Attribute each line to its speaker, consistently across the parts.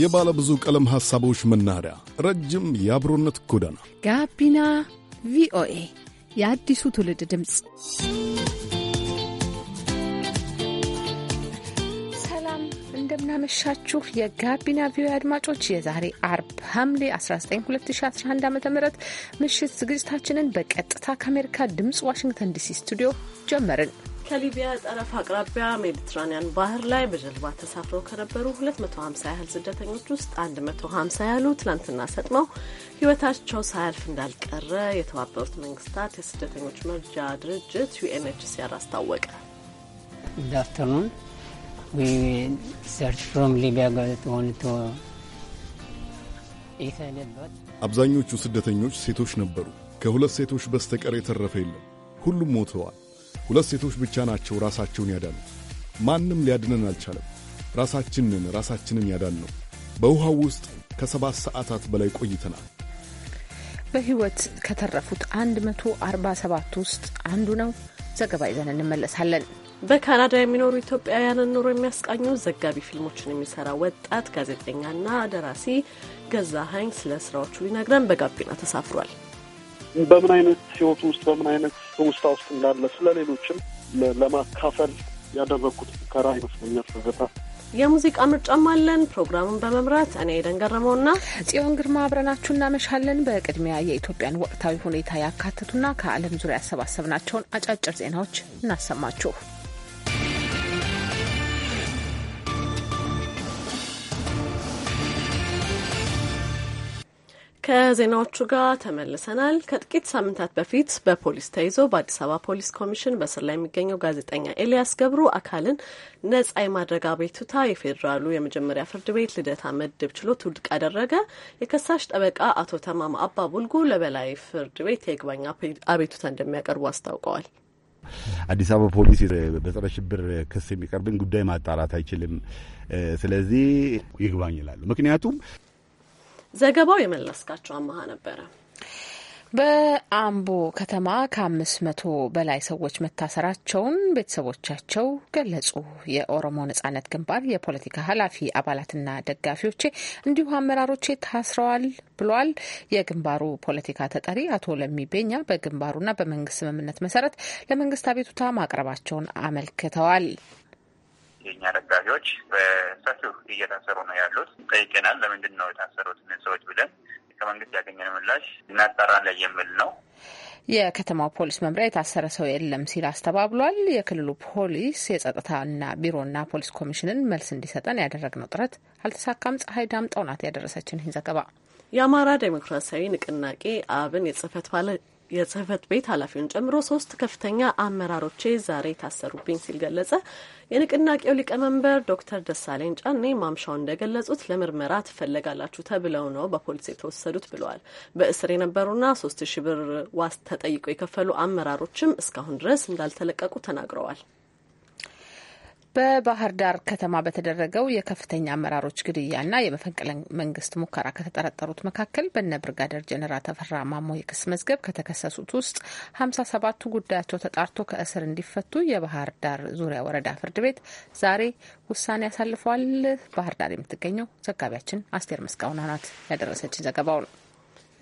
Speaker 1: የባለ ብዙ ቀለም ሐሳቦች መናኸሪያ፣ ረጅም የአብሮነት ጎዳና፣
Speaker 2: ጋቢና ቪኦኤ የአዲሱ ትውልድ ድምፅ። ሰላም እንደምናመሻችሁ፣ የጋቢና ቪኦኤ አድማጮች የዛሬ አርብ ሐምሌ 19 2011 ዓ ም ምሽት ዝግጅታችንን በቀጥታ ከአሜሪካ ድምፅ ዋሽንግተን ዲሲ ስቱዲዮ ጀመርን።
Speaker 3: ከሊቢያ ጠረፍ አቅራቢያ ሜዲትራኒያን ባህር ላይ በጀልባ ተሳፍረው ከነበሩ 250 ያህል ስደተኞች ውስጥ 150 ያህሉ ትላንትና ሰጥመው ሕይወታቸው ሳያልፍ እንዳልቀረ የተባበሩት መንግስታት የስደተኞች መርጃ ድርጅት ዩኤንኤችሲአር አስታወቀ።
Speaker 1: አብዛኞቹ ስደተኞች ሴቶች ነበሩ። ከሁለት ሴቶች በስተቀር የተረፈ የለም። ሁሉም ሞተዋል። ሁለት ሴቶች ብቻ ናቸው ራሳቸውን ያዳኑት። ማንም ሊያድነን አልቻለም። ራሳችንን ራሳችንን ያዳን ነው። በውሃው ውስጥ ከሰባት ሰዓታት በላይ ቆይተናል።
Speaker 2: በሕይወት ከተረፉት 147 ውስጥ አንዱ ነው። ዘገባ ይዘን እንመለሳለን።
Speaker 3: በካናዳ የሚኖሩ ኢትዮጵያውያንን ኑሮ የሚያስቃኙ ዘጋቢ ፊልሞችን የሚሰራ ወጣት ጋዜጠኛና ደራሲ ገዛሀኝ ስለ ስራዎቹ ሊነግረን በጋቢና ተሳፍሯል።
Speaker 4: በምን አይነት ህይወቱ ውስጥ በምን አይነት ውስጣ ውስጥ እንዳለ ስለ ሌሎችም ለማካፈል ያደረግኩት ሙከራ ይመስለኛል። ትዝታ
Speaker 3: የሙዚቃ ምርጫም አለን። ፕሮግራሙን በመምራት እኔ ደን
Speaker 2: ገረመውና ጽዮን ግርማ አብረናችሁ እናመሻለን። በቅድሚያ የኢትዮጵያን ወቅታዊ ሁኔታ ያካትቱና ከዓለም ዙሪያ ያሰባሰብናቸውን አጫጭር ዜናዎች እናሰማችሁ።
Speaker 3: ከዜናዎቹ ጋር ተመልሰናል። ከጥቂት ሳምንታት በፊት በፖሊስ ተይዞ በአዲስ አበባ ፖሊስ ኮሚሽን በስር ላይ የሚገኘው ጋዜጠኛ ኤልያስ ገብሩ አካልን ነጻ የማድረግ አቤቱታ የፌዴራሉ የመጀመሪያ ፍርድ ቤት ልደታ ምድብ ችሎት ውድቅ አደረገ። የከሳሽ ጠበቃ አቶ ተማማ አባ ቡልጉ ለበላይ ፍርድ ቤት የይግባኝ አቤቱታ እንደሚያቀርቡ አስታውቀዋል።
Speaker 1: አዲስ አበባ ፖሊስ በጸረ ሽብር ክስ የሚቀርብን ጉዳይ ማጣራት አይችልም። ስለዚህ ይግባኝ ይላሉ። ምክንያቱም
Speaker 3: ዘገባው የመለስካቸው አመሀ ነበረ።
Speaker 2: በአምቦ ከተማ ከአምስት መቶ በላይ ሰዎች መታሰራቸውን ቤተሰቦቻቸው ገለጹ። የኦሮሞ ነጻነት ግንባር የፖለቲካ ኃላፊ አባላትና ደጋፊዎቼ እንዲሁ አመራሮቼ ታስረዋል ብሏል። የግንባሩ ፖለቲካ ተጠሪ አቶ ለሚ ቤኛ በግንባሩና በመንግስት ስምምነት መሰረት ለመንግስት አቤቱታ ማቅረባቸውን አመልክተዋል።
Speaker 3: የእኛ ደጋፊዎች በሰፊው እየታሰሩ ነው ያሉት። ጠይቀናል። ለምንድን ነው
Speaker 4: የታሰሩት ሰዎች ብለን ከመንግስት ያገኘን ምላሽ እናጣራለን የሚል ነው።
Speaker 2: የከተማው ፖሊስ መምሪያ የታሰረ ሰው የለም ሲል አስተባብሏል። የክልሉ ፖሊስ የጸጥታና ቢሮና ፖሊስ ኮሚሽንን መልስ እንዲሰጠን ያደረግነው ጥረት አልተሳካም። ፀሐይ ዳምጠውናት ያደረሰችን ይህን ዘገባ።
Speaker 3: የአማራ ዴሞክራሲያዊ ንቅናቄ አብን የጽህፈት የጽህፈት ቤት ኃላፊውን ጨምሮ ሶስት ከፍተኛ አመራሮቼ ዛሬ ታሰሩብኝ ሲል ገለጸ። የንቅናቄው ሊቀመንበር ዶክተር ደሳለኝ ጫኔ ማምሻው እንደገለጹት ለምርመራ ትፈለጋላችሁ ተብለው ነው በፖሊስ የተወሰዱት ብለዋል። በእስር የነበሩና ሶስት ሺ ብር ዋስ ተጠይቆ የከፈሉ አመራሮችም እስካሁን ድረስ እንዳልተለቀቁ ተናግረዋል።
Speaker 2: በባህር ዳር ከተማ በተደረገው የከፍተኛ አመራሮች ግድያና የመፈንቅለ መንግስት ሙከራ ከተጠረጠሩት መካከል በነ ብርጋደር ጀኔራል ተፈራ ማሞ የክስ መዝገብ ከተከሰሱት ውስጥ ሀምሳ ሰባቱ ጉዳያቸው ተጣርቶ ከእስር እንዲፈቱ የባህር ዳር ዙሪያ ወረዳ ፍርድ ቤት ዛሬ ውሳኔ ያሳልፈዋል። ባህር ዳር የምትገኘው ዘጋቢያችን አስቴር ምስጋናው
Speaker 3: ናት ያደረሰችን ዘገባው ነው።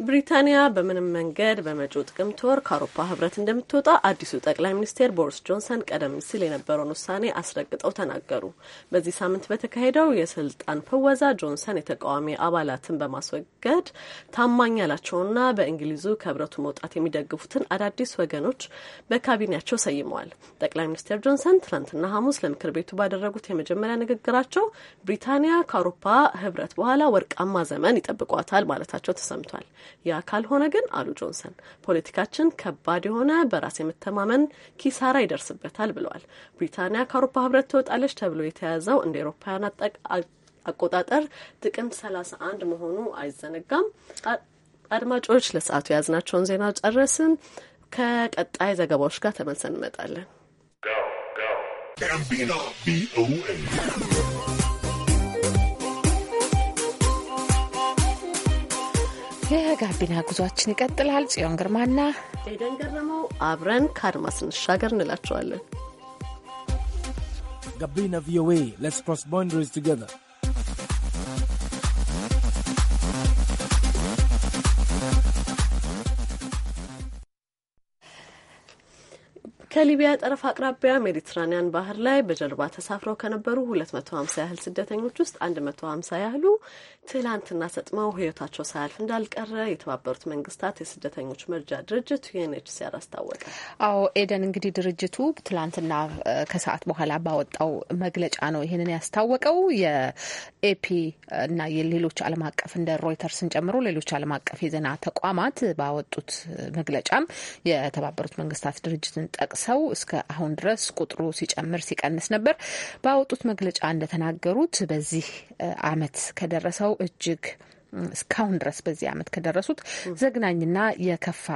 Speaker 3: ብሪታንያ በምንም መንገድ በመጪው ጥቅምት ወር ከአውሮፓ ህብረት እንደምትወጣ አዲሱ ጠቅላይ ሚኒስቴር ቦሪስ ጆንሰን ቀደም ሲል የነበረውን ውሳኔ አስረግጠው ተናገሩ። በዚህ ሳምንት በተካሄደው የስልጣን ፈወዛ ጆንሰን የተቃዋሚ አባላትን በማስወገድ ታማኝ ያላቸውና በእንግሊዙ ከህብረቱ መውጣት የሚደግፉትን አዳዲስ ወገኖች በካቢኔያቸው ሰይመዋል። ጠቅላይ ሚኒስትር ጆንሰን ትናንትና ሐሙስ ለምክር ቤቱ ባደረጉት የመጀመሪያ ንግግራቸው ብሪታንያ ከአውሮፓ ህብረት በኋላ ወርቃማ ዘመን ይጠብቋታል ማለታቸው ተሰምቷል። ያ ካልሆነ ግን አሉ ጆንሰን ፖለቲካችን ከባድ የሆነ በራስ የመተማመን ኪሳራ ይደርስበታል ብለዋል። ብሪታንያ ከአውሮፓ ህብረት ትወጣለች ተብሎ የተያዘው እንደ ኤሮፓውያን አቆጣጠር ጥቅምት ሰላሳ አንድ መሆኑ አይዘነጋም። አድማጮች ለሰዓቱ የያዝናቸውን ዜና ጨረስን። ከቀጣይ ዘገባዎች ጋር ተመልሰን እንመጣለን። የጋቢና ጉዟችን ይቀጥላል። ጽዮን ግርማና ኤደን ገረመው አብረን ከአድማስ እንሻገር እንላቸዋለን። ጋቢና ቪኦኤ ሌትስ ክሮስ ባውንደሪስ ቱጌዘር ከሊቢያ ጠረፍ አቅራቢያ ሜዲትራኒያን ባህር ላይ በጀልባ ተሳፍረው ከነበሩ ሁለት ሀምሳ ያህል ስደተኞች ውስጥ አንድ ሀምሳ ያህሉ ትላንትና ሰጥመው ህይወታቸው ሳያልፍ እንዳልቀረ የተባበሩት መንግስታት የስደተኞች መርጃ ድርጅት ዩኤንኤችሲአር አስታወቀ።
Speaker 2: አዎ ኤደን፣ እንግዲህ ድርጅቱ ትላንትና ከሰዓት በኋላ ባወጣው መግለጫ ነው ይህንን ያስታወቀው። የኤፒ እና የሌሎች ዓለም አቀፍ እንደ ሮይተርስን ጨምሮ ሌሎች ዓለም አቀፍ የዜና ተቋማት ባወጡት መግለጫም የተባበሩት መንግስታት ድርጅትን ጠቅስ ሰው እስከ አሁን ድረስ ቁጥሩ ሲጨምር ሲቀንስ ነበር። ባወጡት መግለጫ እንደተናገሩት በዚህ አመት ከደረሰው እጅግ እስካሁን ድረስ በዚህ ዓመት ከደረሱት ዘግናኝና የከፋ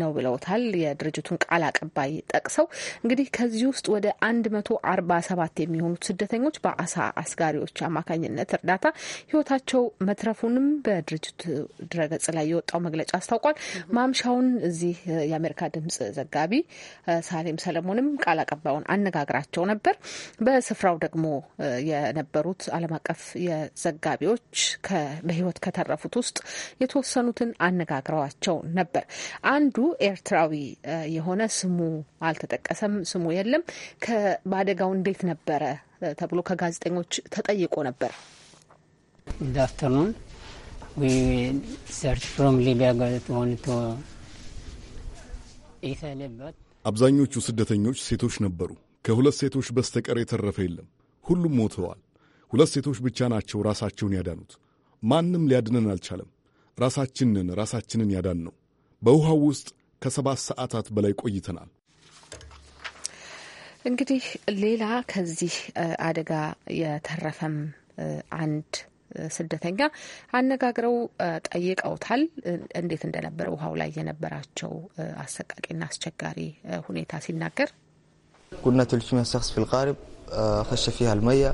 Speaker 2: ነው ብለውታል። የድርጅቱን ቃል አቀባይ ጠቅሰው እንግዲህ ከዚህ ውስጥ ወደ አንድ መቶ አርባ ሰባት የሚሆኑት ስደተኞች በአሳ አስጋሪዎች አማካኝነት እርዳታ ህይወታቸው መትረፉንም በድርጅቱ ድረገጽ ላይ የወጣው መግለጫ አስታውቋል። ማምሻውን እዚህ የአሜሪካ ድምጽ ዘጋቢ ሳሌም ሰለሞንም ቃል አቀባዩን አነጋግራቸው ነበር። በስፍራው ደግሞ የነበሩት ዓለም አቀፍ የዘጋቢዎች በህይወት ከተረፉት ውስጥ የተወሰኑትን አነጋግረዋቸው ነበር። አንዱ ኤርትራዊ የሆነ ስሙ አልተጠቀሰም፣ ስሙ የለም። በአደጋው እንዴት ነበረ ተብሎ ከጋዜጠኞች ተጠይቆ ነበር።
Speaker 1: አብዛኞቹ ስደተኞች ሴቶች ነበሩ። ከሁለት ሴቶች በስተቀር የተረፈ የለም። ሁሉም ሞተዋል። ሁለት ሴቶች ብቻ ናቸው ራሳቸውን ያዳኑት። ማንም ሊያድነን አልቻለም። ራሳችንን ራሳችንን ያዳን ነው። በውሃው ውስጥ ከሰባት ሰዓታት በላይ ቆይተናል።
Speaker 2: እንግዲህ ሌላ ከዚህ አደጋ የተረፈም አንድ ስደተኛ አነጋግረው ጠይቀውታል። እንዴት እንደነበረ ውሃው ላይ የነበራቸው አሰቃቂና አስቸጋሪ ሁኔታ ሲናገር
Speaker 4: ኩና ትልቹ ሰክስ ፊልቃሪብ ከሸ ፊሃ ልመያ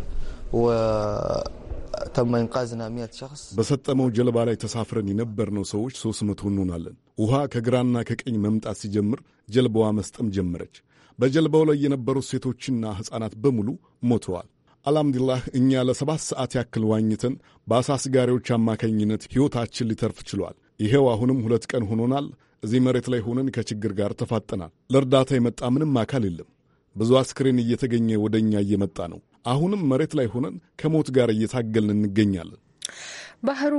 Speaker 1: በሰጠመው ጀልባ ላይ ተሳፍረን የነበርነው ሰዎች ሦስት መቶ እንሆናለን። ውሃ ከግራና ከቀኝ መምጣት ሲጀምር ጀልባዋ መስጠም ጀመረች። በጀልባው ላይ የነበሩት ሴቶችና ሕፃናት በሙሉ ሞተዋል። አልሐምዱሊላህ እኛ ለሰባት ሰዓት ያክል ዋኝተን በአሳ አስጋሪዎች አማካኝነት ሕይወታችን ሊተርፍ ችሏል። ይሄው አሁንም ሁለት ቀን ሆኖናል። እዚህ መሬት ላይ ሆነን ከችግር ጋር ተፋጠናል። ለእርዳታ የመጣ ምንም አካል የለም። ብዙ አስክሬን እየተገኘ ወደ እኛ እየመጣ ነው። አሁንም መሬት ላይ ሆነን ከሞት ጋር እየታገልን እንገኛለን።
Speaker 2: ባህሩ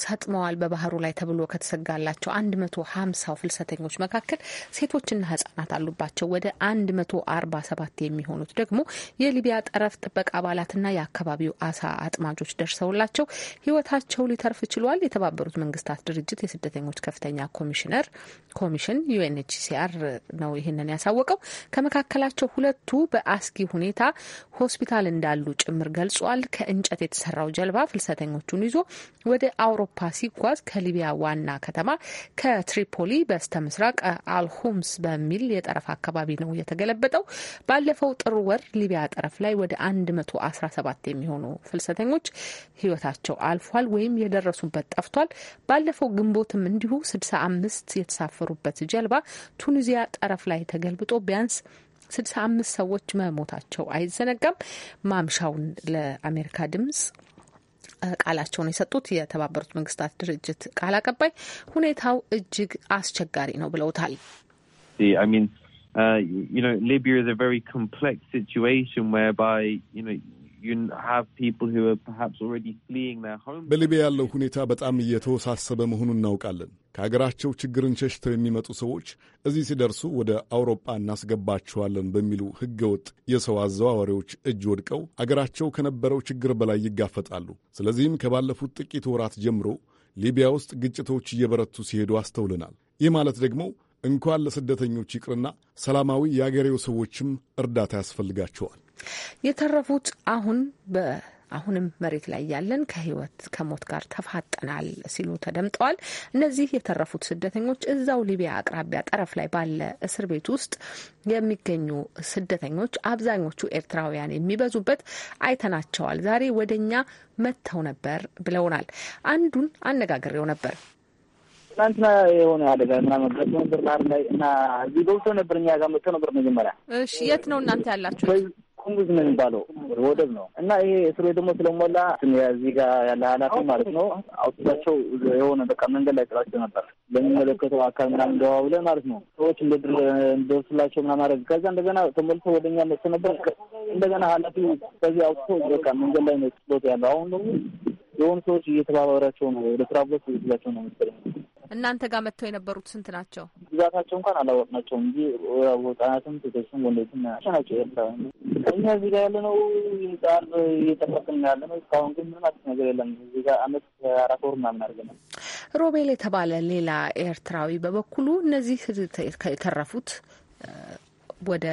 Speaker 2: ሰጥመዋል በባህሩ ላይ ተብሎ ከተሰጋላቸው አንድ መቶ ሀምሳው ፍልሰተኞች መካከል ሴቶችና ህጻናት አሉባቸው። ወደ አንድ መቶ 4ሰባት የሚሆኑት ደግሞ የሊቢያ ጠረፍ ጥበቃ አባላትና የአካባቢው አሳ አጥማጆች ደርሰውላቸው ህይወታቸው ሊተርፍ ችሏል። የተባበሩት መንግስታት ድርጅት የስደተኞች ከፍተኛ ኮሚሽነር ኮሚሽን ዩኤንኤችሲአር ነው ይህንን ያሳወቀው። ከመካከላቸው ሁለቱ በአስጊ ሁኔታ ሆስፒታል እንዳሉ ጭምር ገልጿል። ከእንጨት የተሰራው ጀልባ ፍልሰተኞቹን ይዞ ወደ አውሮፓ ሲጓዝ ከሊቢያ ዋና ከተማ ከትሪፖሊ በስተ ምስራቅ አልሁምስ በሚል የጠረፍ አካባቢ ነው የተገለበጠው። ባለፈው ጥር ወር ሊቢያ ጠረፍ ላይ ወደ 117 የሚሆኑ ፍልሰተኞች ህይወታቸው አልፏል ወይም የደረሱበት ጠፍቷል። ባለፈው ግንቦትም እንዲሁ 65 የተሳፈሩበት ጀልባ ቱኒዚያ ጠረፍ ላይ ተገልብጦ ቢያንስ ስድሳ አምስት ሰዎች መሞታቸው አይዘነጋም። ማምሻውን ለአሜሪካ ድምጽ ቃላቸውን የሰጡት የተባበሩት መንግስታት ድርጅት ቃል አቀባይ ሁኔታው እጅግ አስቸጋሪ ነው ብለውታል።
Speaker 4: ሊቢያ ኢዝ አ ቬሪ ኮምፕሌክስ ሲቹዌሽን ዌርባይ
Speaker 1: በሊቢያ ያለው ሁኔታ በጣም እየተወሳሰበ መሆኑን እናውቃለን። ከሀገራቸው ችግርን ሸሽተው የሚመጡ ሰዎች እዚህ ሲደርሱ ወደ አውሮፓ እናስገባቸዋለን በሚሉ ሕገወጥ የሰው አዘዋዋሪዎች እጅ ወድቀው አገራቸው ከነበረው ችግር በላይ ይጋፈጣሉ። ስለዚህም ከባለፉት ጥቂት ወራት ጀምሮ ሊቢያ ውስጥ ግጭቶች እየበረቱ ሲሄዱ አስተውለናል። ይህ ማለት ደግሞ እንኳን ለስደተኞች ይቅርና ሰላማዊ የአገሬው ሰዎችም እርዳታ ያስፈልጋቸዋል።
Speaker 2: የተረፉት አሁን አሁንም መሬት ላይ ያለን ከህይወት ከሞት ጋር ተፋጠናል ሲሉ ተደምጠዋል። እነዚህ የተረፉት ስደተኞች እዛው ሊቢያ አቅራቢያ ጠረፍ ላይ ባለ እስር ቤት ውስጥ የሚገኙ ስደተኞች አብዛኞቹ ኤርትራውያን የሚበዙበት አይተናቸዋል። ዛሬ ወደኛ መጥተው ነበር ብለውናል። አንዱን አነጋግሬው ነበር።
Speaker 4: ትናንትና የሆነ አደጋ ምናምን ገጥሞ ነበር ባህር ላይ እና እዚህ ገብቶ ነበር። እኛ ጋር ነበር መጀመሪያ።
Speaker 2: እሺ፣ የት ነው እናንተ ያላችሁት?
Speaker 4: ኩምቡዝ ነው የሚባለው ወደብ ነው እና ይሄ እስሩ ደግሞ ስለሞላ እዚህ ጋር ያለ ኃላፊ ማለት ነው አውጥቷቸው የሆነ በቃ መንገድ ላይ ጥላቸው ነበር ለሚመለከተው አካል ምናምን ደዋውለን ማለት ነው ሰዎች እንደድር እንደወስላቸው ምናምን አደረግ ከዛ እንደገና ተመልሶ ወደኛ መጥቶ ነበር
Speaker 5: እንደገና ኃላፊ
Speaker 4: ከዚህ አውጥቶ በቃ መንገድ ላይ ነው ስሎት ያለው። አሁን ደግሞ የሆኑ ሰዎች እየተባበራቸው ነው ወደ ስራ ብሎት እየትላቸው ነው መሰለኝ።
Speaker 2: እናንተ ጋር መጥተው የነበሩት ስንት ናቸው?
Speaker 4: ብዛታቸው እንኳን አላወቅናቸውም እንጂ ህጻናትም ሴቶችም ወንዶችም ናቸው ናቸው ኤርትራ እኛ እዚህ ጋር ያለነው ጣር እየጠበቅን ያለ ነው። እስካሁን ግን ምንም አዲስ ነገር የለም። እዚህ ጋር አመት አራት ወር ምናምን አድርገናል።
Speaker 2: ሮቤል የተባለ ሌላ ኤርትራዊ በበኩሉ እነዚህ የተረፉት ወደ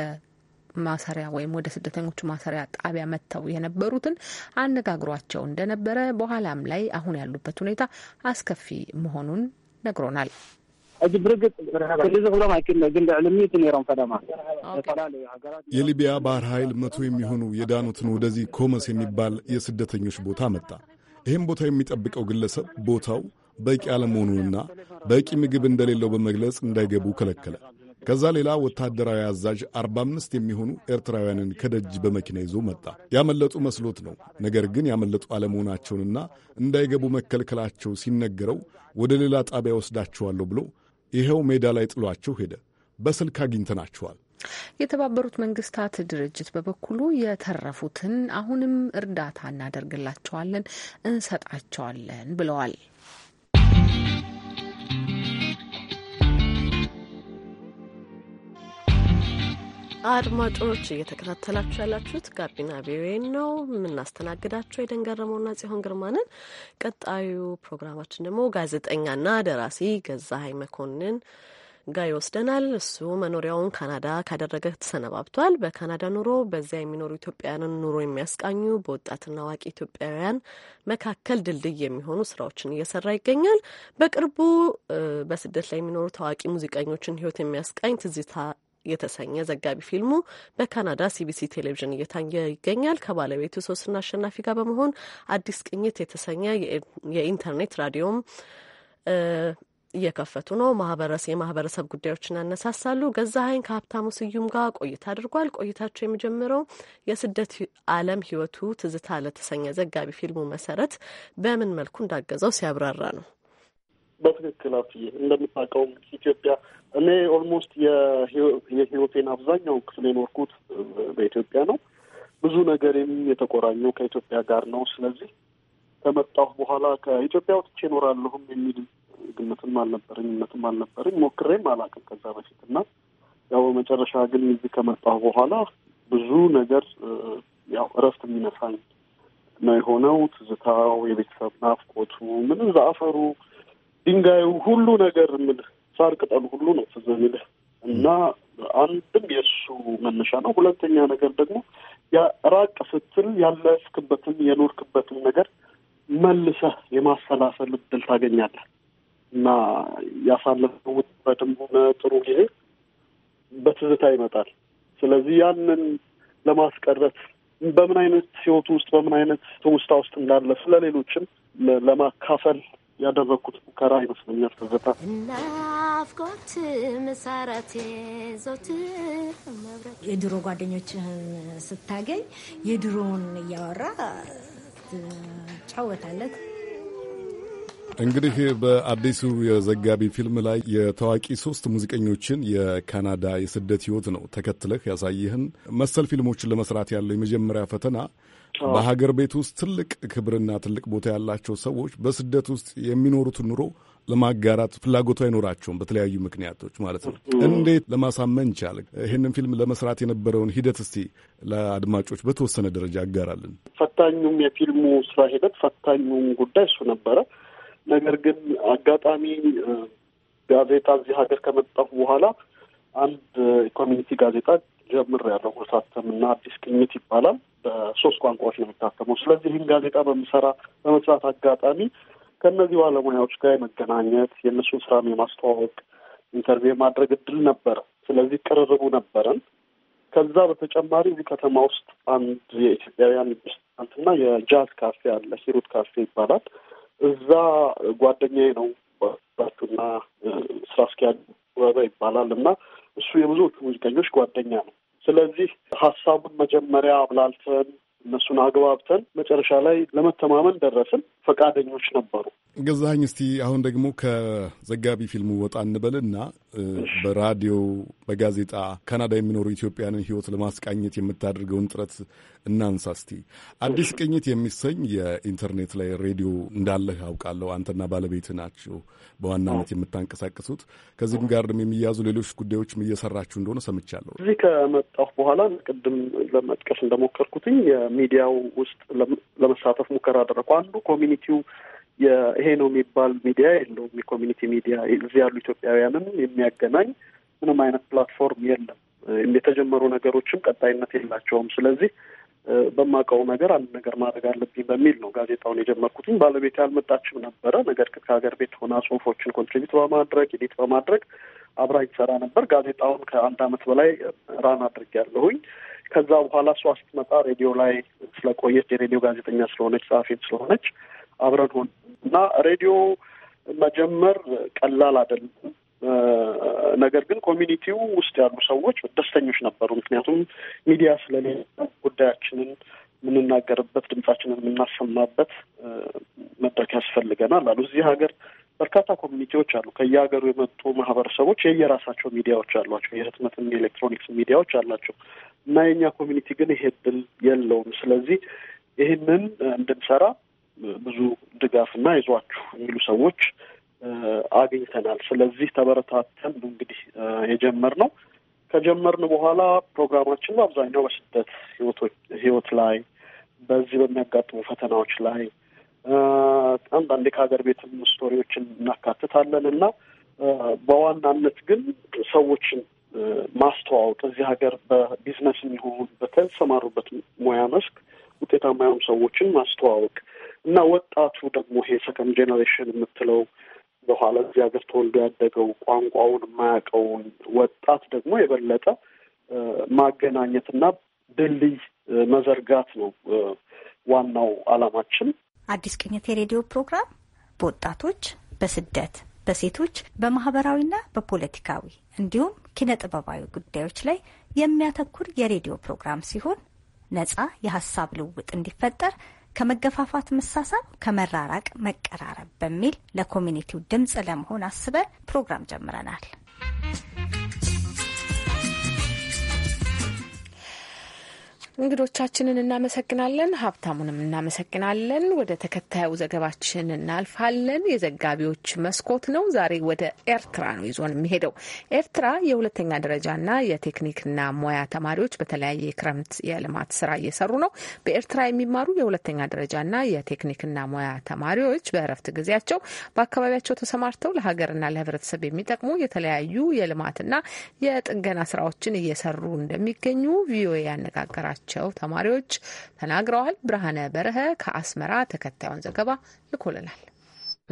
Speaker 2: ማሰሪያ ወይም ወደ ስደተኞቹ ማሰሪያ ጣቢያ መጥተው የነበሩትን አነጋግሯቸው እንደነበረ በኋላም ላይ አሁን ያሉበት ሁኔታ አስከፊ መሆኑን ነግሮናል። ግን
Speaker 4: ልዕሊ ነይሮም
Speaker 1: የሊቢያ ባህር ኃይል መቶ የሚሆኑ የዳኑትን ወደዚህ ኮመስ የሚባል የስደተኞች ቦታ መጣ። ይህም ቦታ የሚጠብቀው ግለሰብ ቦታው በቂ አለመሆኑንና በቂ ምግብ እንደሌለው በመግለጽ እንዳይገቡ ከለከለ። ከዛ ሌላ ወታደራዊ አዛዥ 45 የሚሆኑ ኤርትራውያንን ከደጅ በመኪና ይዞ መጣ። ያመለጡ መስሎት ነው። ነገር ግን ያመለጡ አለመሆናቸውንና እንዳይገቡ መከልከላቸው ሲነገረው ወደ ሌላ ጣቢያ ወስዳቸዋለሁ ብሎ ይኸው ሜዳ ላይ ጥሏቸው ሄደ። በስልክ አግኝተናቸዋል።
Speaker 2: የተባበሩት መንግስታት ድርጅት በበኩሉ የተረፉትን አሁንም እርዳታ እናደርግላቸዋለን፣ እንሰጣቸዋለን ብለዋል።
Speaker 3: አድማጮች እየተከታተላችሁ ያላችሁት ጋቢና ቪኦኤ ነው። የምናስተናግዳቸው የደንገረመውና ጽሆን ግርማንን። ቀጣዩ ፕሮግራማችን ደግሞ ጋዜጠኛና ደራሲ ገዛሀኝ መኮንን ጋር ይወስደናል። እሱ መኖሪያውን ካናዳ ካደረገ ተሰነባብቷል። በካናዳ ኑሮ በዚያ የሚኖሩ ኢትዮጵያውያንን ኑሮ የሚያስቃኙ በወጣትና አዋቂ ኢትዮጵያውያን መካከል ድልድይ የሚሆኑ ስራዎችን እየሰራ ይገኛል። በቅርቡ በስደት ላይ የሚኖሩ ታዋቂ ሙዚቀኞችን ህይወት የሚያስቃኝ ትዝታ የተሰኘ ዘጋቢ ፊልሙ በካናዳ ሲቢሲ ቴሌቪዥን እየታየ ይገኛል። ከባለቤቱ ሶስና አሸናፊ ጋር በመሆን አዲስ ቅኝት የተሰኘ የኢንተርኔት ራዲዮም እየከፈቱ ነው። የማህበረሰብ ጉዳዮችን ያነሳሳሉ። ገዛሀኝ ከሀብታሙ ስዩም ጋር ቆይታ አድርጓል። ቆይታቸው የሚጀምረው የስደት ዓለም ህይወቱ ትዝታ ለተሰኘ ዘጋቢ ፊልሙ መሰረት በምን መልኩ እንዳገዘው ሲያብራራ ነው።
Speaker 4: በትክክል አፍዬ እንደምታውቀው ኢትዮጵያ እኔ ኦልሞስት የህይወቴን አብዛኛው ክፍል የኖርኩት በኢትዮጵያ ነው። ብዙ ነገሬም የተቆራኘው ከኢትዮጵያ ጋር ነው። ስለዚህ ከመጣሁ በኋላ ከኢትዮጵያ ወጥቼ እኖራለሁም የሚል ግምትም አልነበረኝ እምነትም አልነበረኝ ሞክሬም አላውቅም ከዛ በፊት እና ያው በመጨረሻ ግን እዚህ ከመጣሁ በኋላ ብዙ ነገር ያው እረፍት የሚነሳኝ ነው የሆነው። ትዝታው፣ የቤተሰብ ናፍቆቱ፣ ምን አፈሩ ድንጋዩ ሁሉ ነገር የምልህ ሳር ቅጠሉ ሁሉ ነው ትዝ የሚልህ እና አንድም የእሱ መነሻ ነው። ሁለተኛ ነገር ደግሞ ራቅ ስትል ያለፍክበትን የኖርክበትን ነገር መልሰህ የማሰላሰል እድል ታገኛለህ እና ያሳለፍነው ውጥበትም ሆነ ጥሩ ጊዜ በትዝታ ይመጣል። ስለዚህ ያንን ለማስቀረት በምን አይነት ህይወቱ ውስጥ በምን አይነት ትውስታ ውስጥ እንዳለ ስለሌሎችም ለማካፈል ያደረግኩት ሙከራ ይመስለኛል። ትዝታ
Speaker 3: ናፍቆት መሰረት ዞት የድሮ ጓደኞችህን ስታገኝ የድሮውን እያወራ ጫወታለት
Speaker 1: እንግዲህ በአዲሱ የዘጋቢ ፊልም ላይ የታዋቂ ሶስት ሙዚቀኞችን የካናዳ የስደት ህይወት ነው ተከትለህ ያሳየህን። መሰል ፊልሞችን ለመስራት ያለው የመጀመሪያ ፈተና በሀገር ቤት ውስጥ ትልቅ ክብርና ትልቅ ቦታ ያላቸው ሰዎች በስደት ውስጥ የሚኖሩትን ኑሮ ለማጋራት ፍላጎቱ አይኖራቸውም፣ በተለያዩ ምክንያቶች ማለት ነው። እንዴት ለማሳመን ቻል ይህንን ፊልም ለመስራት የነበረውን ሂደት እስቲ ለአድማጮች በተወሰነ ደረጃ አጋራልን።
Speaker 4: ፈታኙም የፊልሙ ስራ ሂደት ፈታኙም ጉዳይ እሱ ነበረ። ነገር ግን አጋጣሚ ጋዜጣ እዚህ ሀገር ከመጣሁ በኋላ አንድ ኮሚኒቲ ጋዜጣ ጀምር ያለው እና አዲስ ቅኝት ይባላል። በሶስት ቋንቋዎች ነው የሚታተመው። ስለዚህ ይህን ጋዜጣ በምሰራ በመስራት አጋጣሚ ከእነዚህ ባለሙያዎች ጋር የመገናኘት የእነሱን ስራም የማስተዋወቅ ኢንተርቪው የማድረግ እድል ነበረ። ስለዚህ ቅርርቡ ነበረን። ከዛ በተጨማሪ እዚህ ከተማ ውስጥ አንድ የኢትዮጵያውያን ሬስቶራንትና የጃዝ ካፌ አለ፣ ሂሩት ካፌ ይባላል። እዛ ጓደኛዬ ነው ቹና ስራ አስኪያጅ ጥበበ ይባላል እና እሱ የብዙዎቹ ሙዚቀኞች ጓደኛ ነው። ስለዚህ ሀሳቡን መጀመሪያ አብላልተን እነሱን አግባብተን መጨረሻ ላይ ለመተማመን ደረስን። ፈቃደኞች ነበሩ።
Speaker 1: ገዛኸኝ፣ እስቲ አሁን ደግሞ ከዘጋቢ ፊልሙ ወጣ እንበልና በራዲዮ በጋዜጣ ካናዳ የሚኖሩ ኢትዮጵያንን ሕይወት ለማስቃኘት የምታደርገውን ጥረት እናንሳ እስቲ። አዲስ ቅኝት የሚሰኝ የኢንተርኔት ላይ ሬዲዮ እንዳለህ አውቃለሁ። አንተና ባለቤት ናችሁ በዋናነት የምታንቀሳቀሱት ከዚህም ጋር ደግሞ የሚያዙ ሌሎች ጉዳዮችም እየሰራችሁ እንደሆነ ሰምቻለሁ።
Speaker 4: እዚህ ከመጣሁ በኋላ ቅድም ለመጥቀስ እንደሞከርኩትኝ የሚዲያው ውስጥ ለመሳተፍ ሙከራ አደረግኩ። አንዱ ኮሚኒቲው ይሄ ነው የሚባል ሚዲያ የለውም። የኮሚኒቲ ሚዲያ እዚህ ያሉ ኢትዮጵያውያንን የሚያገናኝ ምንም አይነት ፕላትፎርም የለም። የተጀመሩ ነገሮችም ቀጣይነት የላቸውም። ስለዚህ በማውቀው ነገር አንድ ነገር ማድረግ አለብኝ በሚል ነው ጋዜጣውን የጀመርኩትም። ባለቤት ያልመጣችም ነበረ። ነገር ግን ከሀገር ቤት ሆና ጽሁፎችን ኮንትሪቢት በማድረግ ኤዲት በማድረግ አብራኝ ሰራ ነበር። ጋዜጣውን ከአንድ አመት በላይ ራን አድርጌያለሁኝ። ከዛ በኋላ እሷ ስትመጣ ሬዲዮ ላይ ስለቆየች የሬዲዮ ጋዜጠኛ ስለሆነች ጸሐፊም ስለሆነች አብረን ሆን እና ሬዲዮ መጀመር ቀላል አይደለም። ነገር ግን ኮሚኒቲው ውስጥ ያሉ ሰዎች ደስተኞች ነበሩ። ምክንያቱም ሚዲያ ስለሌለ ጉዳያችንን የምንናገርበት ድምጻችንን የምናሰማበት መድረክ ያስፈልገናል አሉ። እዚህ ሀገር በርካታ ኮሚኒቲዎች አሉ። ከየሀገሩ የመጡ ማህበረሰቦች የየራሳቸው ሚዲያዎች አሏቸው። የህትመትና የኤሌክትሮኒክስ ሚዲያዎች አላቸው እና የእኛ ኮሚኒቲ ግን ይሄ ድል የለውም። ስለዚህ ይህንን እንድንሰራ ብዙ ድጋፍና ይዟችሁ የሚሉ ሰዎች አግኝተናል። ስለዚህ ተበረታተን እንግዲህ የጀመር ነው ከጀመርን በኋላ ፕሮግራማችን በአብዛኛው በስደት ህይወቶች ህይወት ላይ በዚህ በሚያጋጥሙ ፈተናዎች ላይ አንዳንዴ ከሀገር ቤትም ስቶሪዎችን እናካትታለን እና በዋናነት ግን ሰዎችን ማስተዋወቅ እዚህ ሀገር በቢዝነስ የሚሆኑ በተሰማሩበት ሙያ መስክ ውጤታማ የሆኑ ሰዎችን ማስተዋወቅ እና ወጣቱ ደግሞ ይሄ ሰከንድ ጄኔሬሽን የምትለው በኋላ እዚህ ሀገር ተወልዶ ያደገው ቋንቋውን የማያውቀውን ወጣት ደግሞ የበለጠ ማገናኘትና ድልድይ መዘርጋት ነው ዋናው አላማችን
Speaker 2: አዲስ ቅኝት የሬዲዮ ፕሮግራም በወጣቶች፣
Speaker 3: በስደት፣ በሴቶች፣ በማህበራዊና በፖለቲካዊ እንዲሁም ኪነ ጥበባዊ ጉዳዮች ላይ የሚያተኩር የሬዲዮ ፕሮግራም ሲሆን ነጻ የሀሳብ ልውውጥ እንዲፈጠር ከመገፋፋት መሳሳብ፣ ከመራራቅ መቀራረብ በሚል ለኮሚኒቲው ድምፅ ለመሆን አስበን ፕሮግራም ጀምረናል።
Speaker 2: እንግዶቻችንን እናመሰግናለን። ሀብታሙንም እናመሰግናለን። ወደ ተከታዩ ዘገባችን እናልፋለን። የዘጋቢዎች መስኮት ነው። ዛሬ ወደ ኤርትራ ነው ይዞን የሚሄደው። ኤርትራ የሁለተኛ ደረጃና የቴክኒክና ሙያ ተማሪዎች በተለያየ የክረምት የልማት ስራ እየሰሩ ነው። በኤርትራ የሚማሩ የሁለተኛ ደረጃና የቴክኒክና ሙያ ተማሪዎች በእረፍት ጊዜያቸው በአካባቢያቸው ተሰማርተው ለሀገርና ለህብረተሰብ የሚጠቅሙ የተለያዩ የልማትና የጥገና ስራዎችን እየሰሩ እንደሚገኙ ቪኦኤ ያነጋገራቸው ያላቸው ተማሪዎች ተናግረዋል። ብርሃነ በረሀ ከአስመራ ተከታዩን ዘገባ ልኮልናል።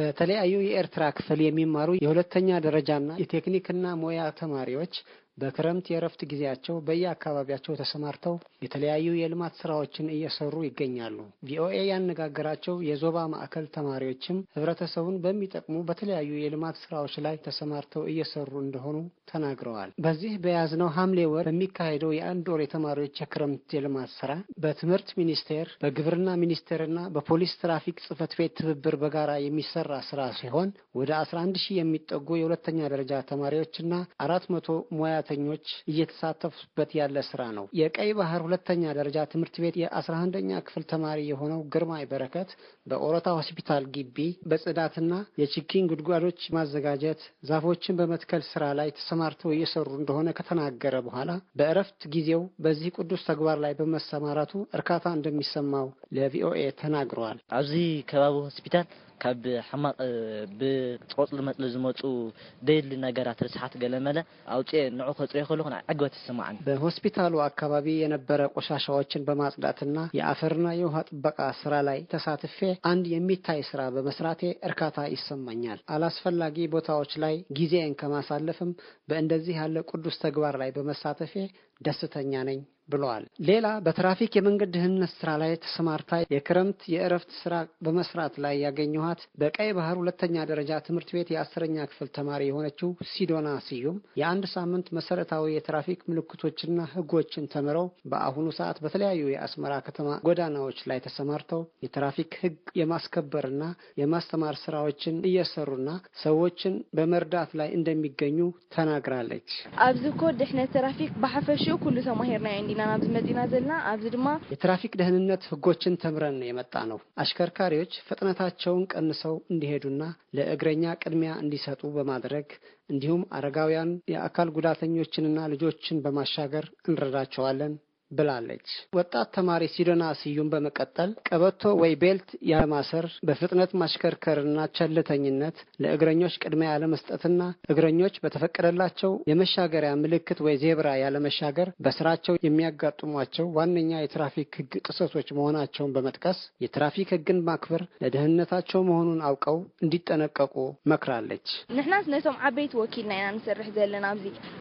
Speaker 2: በተለያዩ
Speaker 5: የኤርትራ ክፍል የሚማሩ የሁለተኛ ደረጃና የቴክኒክና ሙያ ተማሪዎች በክረምት የእረፍት ጊዜያቸው በየአካባቢያቸው ተሰማርተው የተለያዩ የልማት ስራዎችን እየሰሩ ይገኛሉ። ቪኦኤ ያነጋገራቸው የዞባ ማዕከል ተማሪዎችም ህብረተሰቡን በሚጠቅሙ በተለያዩ የልማት ስራዎች ላይ ተሰማርተው እየሰሩ እንደሆኑ ተናግረዋል። በዚህ በያዝነው ሐምሌ ወር በሚካሄደው የአንድ ወር የተማሪዎች የክረምት የልማት ስራ በትምህርት ሚኒስቴር፣ በግብርና ሚኒስቴርና በፖሊስ ትራፊክ ጽህፈት ቤት ትብብር በጋራ የሚሰራ ስራ ሲሆን ወደ 11 ሺህ የሚጠጉ የሁለተኛ ደረጃ ተማሪዎችና አራት መቶ ሙያ ሰራተኞች እየተሳተፉበት ያለ ስራ ነው። የቀይ ባህር ሁለተኛ ደረጃ ትምህርት ቤት የ11ኛ ክፍል ተማሪ የሆነው ግርማይ በረከት በኦሮታ ሆስፒታል ግቢ በጽዳትና የችግኝ ጉድጓዶች ማዘጋጀት፣ ዛፎችን በመትከል ስራ ላይ ተሰማርተው እየሰሩ እንደሆነ ከተናገረ በኋላ በእረፍት ጊዜው በዚህ ቅዱስ ተግባር ላይ በመሰማራቱ እርካታ እንደሚሰማው ለቪኦኤ ተናግረዋል። አብዚ ከባቢ ሆስፒታል ካብ ሕማቕ ብቆፅሊ መፅሊ ዝመፁ ደየድሊ ነገራት ርስሓት ገለመለ ኣውፅ ንዑ ከፅዮ ከልኹ ዕግበት ይስማዓኒ በሆስፒታሉ አካባቢ የነበረ ቆሻሻዎችን በማጽዳትና የኣፈርና የውሃ ጥበቃ ስራ ላይ ተሳትፌ አንድ የሚታይ ስራ በመስራቴ እርካታ ይሰማኛል። አላስፈላጊ ቦታዎች ላይ ጊዜን ከማሳለፍም በእንደዚህ ያለ ቅዱስ ተግባር ላይ በመሳተፌ ደስተኛ ነኝ ብለዋል። ሌላ በትራፊክ የመንገድ ደህንነት ስራ ላይ ተሰማርታ የክረምት የእረፍት ስራ በመስራት ላይ ያገኘኋት በቀይ ባህር ሁለተኛ ደረጃ ትምህርት ቤት የአስረኛ ክፍል ተማሪ የሆነችው ሲዶና ስዩም የአንድ ሳምንት መሰረታዊ የትራፊክ ምልክቶችና ህጎችን ተምረው በአሁኑ ሰዓት በተለያዩ የአስመራ ከተማ ጎዳናዎች ላይ ተሰማርተው የትራፊክ ህግ የማስከበርና የማስተማር ስራዎችን እየሰሩና ሰዎችን በመርዳት ላይ እንደሚገኙ ተናግራለች።
Speaker 3: ኣብዚ ኮ ትራፊክ ብሓፈሹ ኩሉ ሰብ ማሄርና እንዲና ናብዚ መፂና ዘለና ኣብዚ ድማ
Speaker 5: የትራፊክ ደህንነት ህጎችን ተምረን የመጣ ነው። አሽከርካሪዎች ፍጥነታቸውን ቀንሰው እንዲሄዱና ለእግረኛ ቅድሚያ እንዲሰጡ በማድረግ እንዲሁም አረጋውያን የአካል ጉዳተኞችንና ልጆችን በማሻገር እንረዳቸዋለን። ብላለች። ወጣት ተማሪ ሲዶና ስዩም በመቀጠል ቀበቶ ወይ ቤልት ያለማሰር፣ በፍጥነት ማሽከርከርና ቸልተኝነት፣ ለእግረኞች ቅድሚያ ያለመስጠትና እግረኞች በተፈቀደላቸው የመሻገሪያ ምልክት ወይ ዜብራ ያለመሻገር በስራቸው የሚያጋጥሟቸው ዋነኛ የትራፊክ ሕግ ጥሰቶች መሆናቸውን በመጥቀስ የትራፊክ ሕግን ማክበር ለደህንነታቸው መሆኑን አውቀው እንዲጠነቀቁ መክራለች።
Speaker 1: ንሕናስ ነቶም ዓበይቲ ወኪልና ኢና ንሰርሕ ዘለና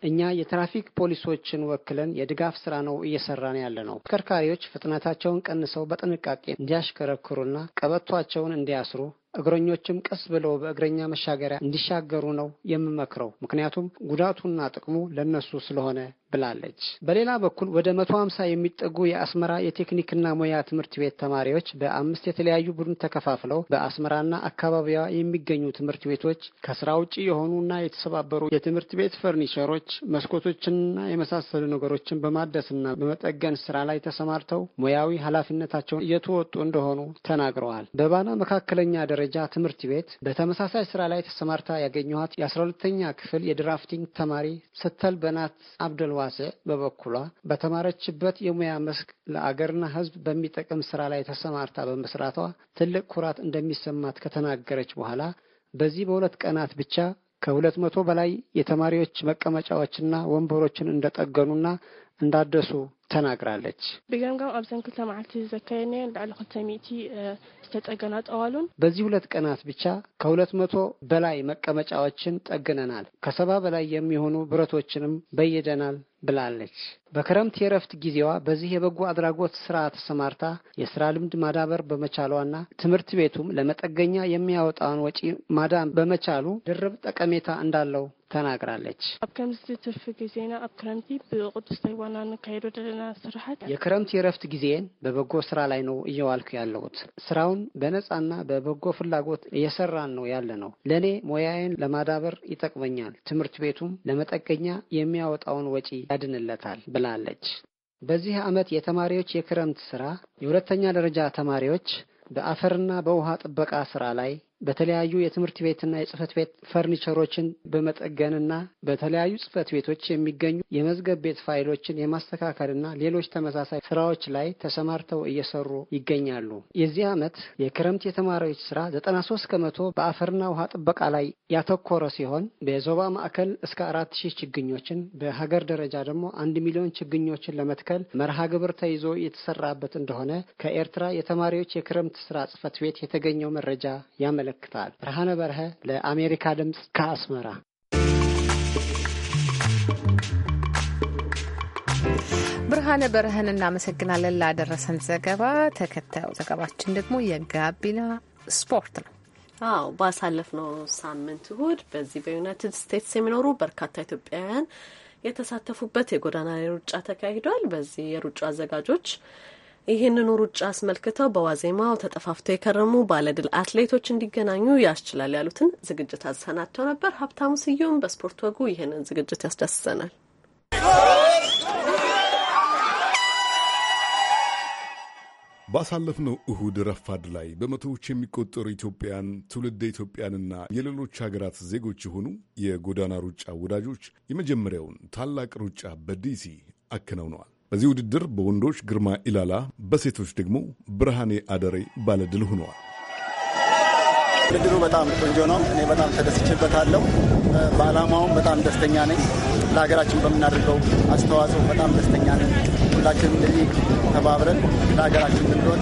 Speaker 5: እኛ የትራፊክ ፖሊሶችን ወክለን የድጋፍ ስራ ነው እየሰራ እየሰራን ያለ ነው። አሽከርካሪዎች ፍጥነታቸውን ቀንሰው በጥንቃቄ እንዲያሽከረክሩና ቀበቷቸውን እንዲያስሩ እግረኞችም ቀስ ብለው በእግረኛ መሻገሪያ እንዲሻገሩ ነው የምመክረው፣ ምክንያቱም ጉዳቱና ጥቅሙ ለነሱ ስለሆነ ብላለች። በሌላ በኩል ወደ መቶ ሀምሳ የሚጠጉ የአስመራ የቴክኒክና ሙያ ትምህርት ቤት ተማሪዎች በአምስት የተለያዩ ቡድን ተከፋፍለው በአስመራና አካባቢዋ የሚገኙ ትምህርት ቤቶች ከስራ ውጭ የሆኑና የተሰባበሩ የትምህርት ቤት ፈርኒቸሮች፣ መስኮቶችንና የመሳሰሉ ነገሮችን በማደስና በመጠገን ስራ ላይ ተሰማርተው ሙያዊ ኃላፊነታቸውን እየተወጡ እንደሆኑ ተናግረዋል። በባና መካከለኛ ደረጃ ደረጃ ትምህርት ቤት በተመሳሳይ ስራ ላይ ተሰማርታ ያገኘኋት የ ክፍል የድራፍቲንግ ተማሪ ስተል በናት አብደልዋሴ በበኩሏ በተማረችበት የሙያ መስክ ለአገርና ሕዝብ በሚጠቅም ስራ ላይ ተሰማርታ በመስራቷ ትልቅ ኩራት እንደሚሰማት ከተናገረች በኋላ በዚህ በሁለት ቀናት ብቻ ከሁለት መቶ በላይ የተማሪዎች መቀመጫዎችና ወንበሮችን እንደጠገኑና እንዳደሱ ተናግራለች።
Speaker 3: ልዕሊ ክልተ ሚእቲ ዝተጠገና ጠዋሉን
Speaker 5: በዚህ ሁለት ቀናት ብቻ ከሁለት መቶ በላይ መቀመጫዎችን ጠግነናል፣ ከሰባ በላይ የሚሆኑ ብረቶችንም በየደናል ብላለች። በክረምት የረፍት ጊዜዋ በዚህ የበጎ አድራጎት ስራ ተሰማርታ የስራ ልምድ ማዳበር በመቻሏና ትምህርት ቤቱም ለመጠገኛ የሚያወጣውን ወጪ ማዳን በመቻሉ ድርብ ጠቀሜታ እንዳለው ተናግራለች።
Speaker 3: ኣብ ከምዚ ትርፊ ጊዜና ኣብ ክረምቲ ብቅዱስ ተይዋና ንካሄዶ ደለ ስርዓት
Speaker 5: የክረምት የረፍት ጊዜን በበጎ ስራ ላይ ነው እየዋልኩ ያለሁት። ስራውን በነጻና በበጎ ፍላጎት እየሰራን ነው ያለ ነው። ለእኔ ሙያዬን ለማዳበር ይጠቅመኛል። ትምህርት ቤቱም ለመጠገኛ የሚያወጣውን ወጪ ያድንለታል ብላለች። በዚህ ዓመት የተማሪዎች የክረምት ስራ የሁለተኛ ደረጃ ተማሪዎች በአፈርና በውሃ ጥበቃ ስራ ላይ በተለያዩ የትምህርት ቤትና የጽህፈት ቤት ፈርኒቸሮችን በመጠገንና በተለያዩ ጽህፈት ቤቶች የሚገኙ የመዝገብ ቤት ፋይሎችን የማስተካከልና ሌሎች ተመሳሳይ ስራዎች ላይ ተሰማርተው እየሰሩ ይገኛሉ። የዚህ ዓመት የክረምት የተማሪዎች ስራ 93 ከመቶ በአፈርና ውሃ ጥበቃ ላይ ያተኮረ ሲሆን በዞባ ማዕከል እስከ አራት ሺህ ችግኞችን በሀገር ደረጃ ደግሞ አንድ ሚሊዮን ችግኞችን ለመትከል መርሃ ግብር ተይዞ የተሰራበት እንደሆነ ከኤርትራ የተማሪዎች የክረምት ስራ ጽህፈት ቤት የተገኘው መረጃ ያመላል ያመለክታል። ብርሃነ በርሀ ለአሜሪካ ድምፅ ከአስመራ።
Speaker 2: ብርሃነ በርህን እናመሰግናለን ላደረሰን ዘገባ። ተከታዩ ዘገባችን ደግሞ የጋቢና ስፖርት ነው።
Speaker 3: አዎ ባሳለፍነው ሳምንት እሁድ በዚህ በዩናይትድ ስቴትስ የሚኖሩ በርካታ ኢትዮጵያውያን የተሳተፉበት የጎዳና ላይ ሩጫ ተካሂዷል። በዚህ የሩጫ አዘጋጆች ይህንኑ ሩጫ አስመልክተው በዋዜማው ተጠፋፍተው የከረሙ ባለድል አትሌቶች እንዲገናኙ ያስችላል ያሉትን ዝግጅት አሰናድተው ነበር። ሀብታሙ ስዩም በስፖርት ወጉ ይህንን ዝግጅት ያስዳስሰናል።
Speaker 1: ባሳለፍነው እሁድ ረፋድ ላይ በመቶዎች የሚቆጠሩ ኢትዮጵያን ትውልደ ኢትዮጵያንና የሌሎች ሀገራት ዜጎች የሆኑ የጎዳና ሩጫ ወዳጆች የመጀመሪያውን ታላቅ ሩጫ በዲሲ አከናውነዋል። በዚህ ውድድር በወንዶች ግርማ ኢላላ፣ በሴቶች ደግሞ ብርሃኔ አደሬ ባለድል ሆነዋል።
Speaker 4: ውድድሩ በጣም ቆንጆ ነው። እኔ በጣም ተደስችበታለሁ በዓላማውም በጣም ደስተኛ ነኝ። ለሀገራችን በምናደርገው አስተዋጽኦ በጣም ደስተኛ ነኝ። ሁላችንም እንደዚህ ተባብረን ለሀገራችን ብንሮጥ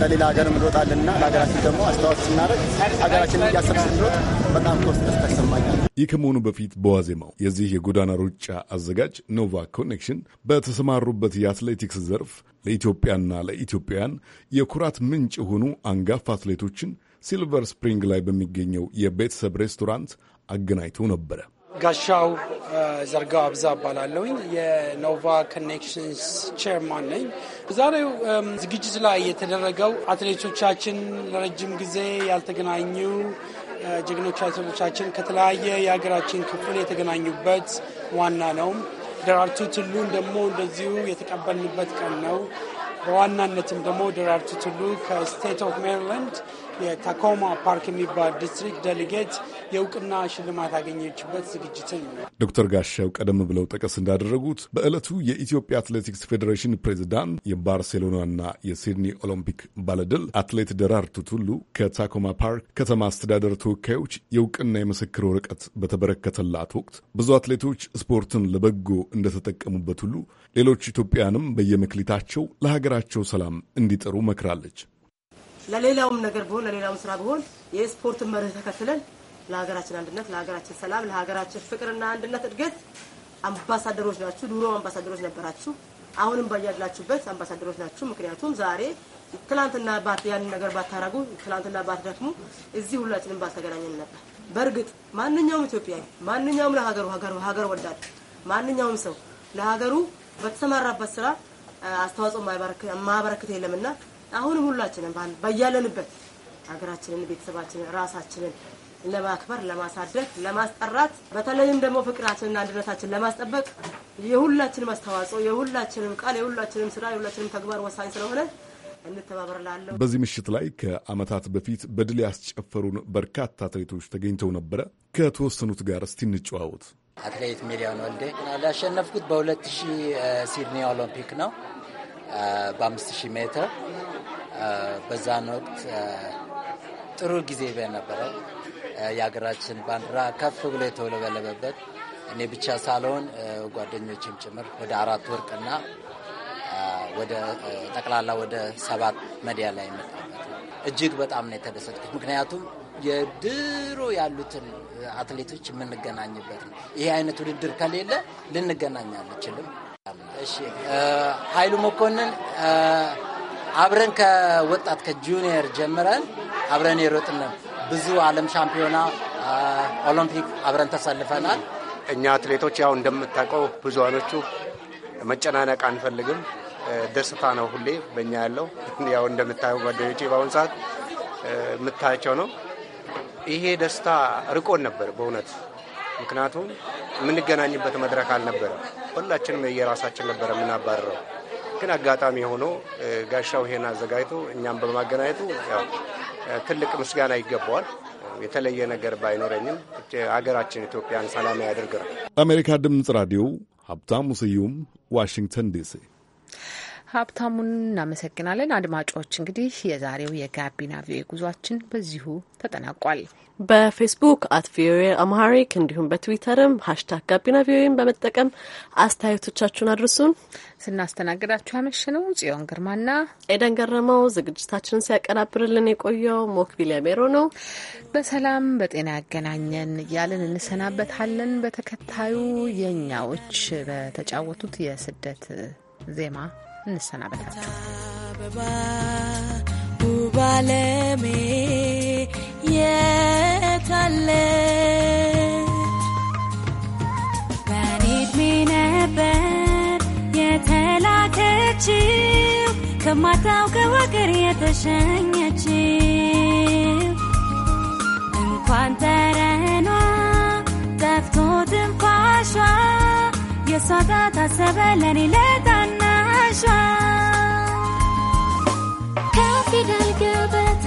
Speaker 4: ለሌላ ሀገር እንሮጣለን ለሀገራችን ደግሞ አስተዋጽኦ ስናደርግ ሀገራችን እያሰብስ እንሮጥ በጣም ኮስት
Speaker 1: ተሰማኛል። ይህ ከመሆኑ በፊት በዋዜማው የዚህ የጎዳና ሩጫ አዘጋጅ ኖቫ ኮኔክሽን በተሰማሩበት የአትሌቲክስ ዘርፍ ለኢትዮጵያና ለኢትዮጵያውያን የኩራት ምንጭ የሆኑ አንጋፋ አትሌቶችን ሲልቨር ስፕሪንግ ላይ በሚገኘው የቤተሰብ ሬስቶራንት አገናኝቶ ነበረ።
Speaker 4: ጋሻው ዘርጋው አብዛ እባላለሁኝ። የኖቫ ኮኔክሽንስ ቼርማን ነኝ። ዛሬው ዝግጅት ላይ የተደረገው አትሌቶቻችን ለረጅም ጊዜ ያልተገናኙ ጀግኖች አትሌቶቻችን ከተለያየ የሀገራችን ክፍል የተገናኙበት ዋና ነው። ደራርቱ ቱሉን ደግሞ እንደዚሁ የተቀበልንበት ቀን ነው። በዋናነትም ደግሞ ደራርቱ ቱሉ ከስቴት ኦፍ ሜሪላንድ የታኮማ ፓርክ የሚባል ዲስትሪክት ደሊጌት የእውቅና ሽልማት አገኘችበት ዝግጅትን
Speaker 1: ዶክተር ጋሻው ቀደም ብለው ጠቀስ እንዳደረጉት በዕለቱ የኢትዮጵያ አትሌቲክስ ፌዴሬሽን ፕሬዚዳንት የባርሴሎናና የሲድኒ ኦሎምፒክ ባለድል አትሌት ደራርቱ ቱሉ ከታኮማ ፓርክ ከተማ አስተዳደር ተወካዮች የእውቅና የምስክር ወረቀት በተበረከተላት ወቅት ብዙ አትሌቶች ስፖርትን ለበጎ እንደተጠቀሙበት ሁሉ ሌሎች ኢትዮጵያንም በየመክሊታቸው ለሀገራቸው ሰላም እንዲጠሩ መክራለች።
Speaker 3: ለሌላውም ነገር ቢሆን ለሌላውም ስራ ቢሆን የስፖርት መርህ ተከትለን ለሀገራችን አንድነት፣ ለሀገራችን ሰላም፣ ለሀገራችን ፍቅርና አንድነት እድገት አምባሳደሮች ናችሁ። ድሮ አምባሳደሮች ነበራችሁ። አሁንም ባያላችሁበት አምባሳደሮች ናችሁ። ምክንያቱም ዛሬ ትላንትና ባት ያንን ነገር ባታረጉ፣ ትላንትና ባት ደክሙ፣ እዚህ ሁላችንም ባልተገናኘን ነበር። በእርግጥ ማንኛውም ኢትዮጵያዊ ማንኛውም ለሀገሩ ሀገሩ ሀገር ወዳድ ማንኛውም ሰው ለሀገሩ በተሰማራበት ስራ አስተዋጽኦ ማበረክት የለምና አሁን ሁላችንም በያለንበት ሀገራችንን፣ ቤተሰባችንን፣ ራሳችንን ለማክበር፣ ለማሳደግ፣ ለማስጠራት በተለይም ደግሞ ፍቅራችንና አንድነታችን ለማስጠበቅ የሁላችንም አስተዋጽኦ፣ የሁላችንም ቃል፣ የሁላችንም ስራ፣ የሁላችንም ተግባር ወሳኝ ስለሆነ እንተባበርላለሁ። በዚህ
Speaker 1: ምሽት ላይ ከአመታት በፊት በድል ያስጨፈሩን በርካታ አትሌቶች ተገኝተው ነበረ። ከተወሰኑት ጋር እስቲ እንጨዋወት።
Speaker 5: አትሌት ሚሊዮን ወልዴ ያሸነፍኩት በ2000 ሲድኒ ኦሎምፒክ ነው በ5000 ሜትር በዛን ወቅት ጥሩ ጊዜ በነበረ የሀገራችን ባንዲራ ከፍ ብሎ የተውለበለበበት እኔ ብቻ ሳልሆን ጓደኞችም
Speaker 1: ጭምር ወደ አራት ወርቅና ወደ ጠቅላላ ወደ ሰባት መዲያ ላይ መጣበት እጅግ በጣም ነው የተደሰጥኩት። ምክንያቱም የድሮ
Speaker 5: ያሉትን አትሌቶች የምንገናኝበት ነው። ይሄ አይነት ውድድር ከሌለ ልንገናኝ አንችልም። እሺ ኃይሉ መኮንን አብረን ከወጣት ከጁኒየር ጀምረን አብረን የሮጥን ብዙ ዓለም ሻምፒዮና፣ ኦሎምፒክ አብረን ተሰልፈናል። እኛ አትሌቶች ያው እንደምታውቀው ብዙኖቹ
Speaker 3: መጨናነቅ አንፈልግም። ደስታ ነው ሁሌ በእኛ ያለው። ያው እንደምታየው ጓደኞቼ በአሁኑ ሰዓት የምታያቸው ነው። ይሄ ደስታ ርቆን ነበር በእውነት ምክንያቱም የምንገናኝበት መድረክ አልነበረም። ሁላችንም የራሳችን ነበረ የምናባረረው ግን አጋጣሚ ሆኖ ጋሻው ይሄን አዘጋጅቶ እኛም በማገናኘቱ ትልቅ ምስጋና ይገባዋል። የተለየ ነገር ባይኖረኝም አገራችን ኢትዮጵያን ሰላም ያደርግ ነው።
Speaker 1: አሜሪካ ድምፅ ራዲዮ ሀብታሙ ስዩም ዋሽንግተን ዲሲ
Speaker 2: ሀብታሙን እናመሰግናለን። አድማጮች
Speaker 3: እንግዲህ የዛሬው የጋቢና ቪኦኤ ጉዟችን
Speaker 2: በዚሁ ተጠናቋል።
Speaker 3: በፌስቡክ አት ቪኦኤ አምሃሪክ እንዲሁም በትዊተርም ሀሽታግ ጋቢና ቪኦኤን በመጠቀም አስተያየቶቻችሁን አድርሱን። ስናስተናግዳችሁ ያመሽ ነው ጽዮን ግርማና ኤደን ገረመው።
Speaker 2: ዝግጅታችንን ሲያቀናብርልን የቆየው ሞክቢል ያሜሮ ነው። በሰላም በጤና ያገናኘን እያለን እንሰናበታለን። በተከታዩ የእኛዎች በተጫወቱት የስደት ዜማ እንሰናበታቸው።
Speaker 3: ባለሜ የታለ በኔድሜ ነበር የተላከችው ከማታውቀው ሀገር የተሸኘችው እንኳን ተረኗ ጠፍቶ ትንፋሿ የሷ ለኔ ለታና ከፊደል ገበታ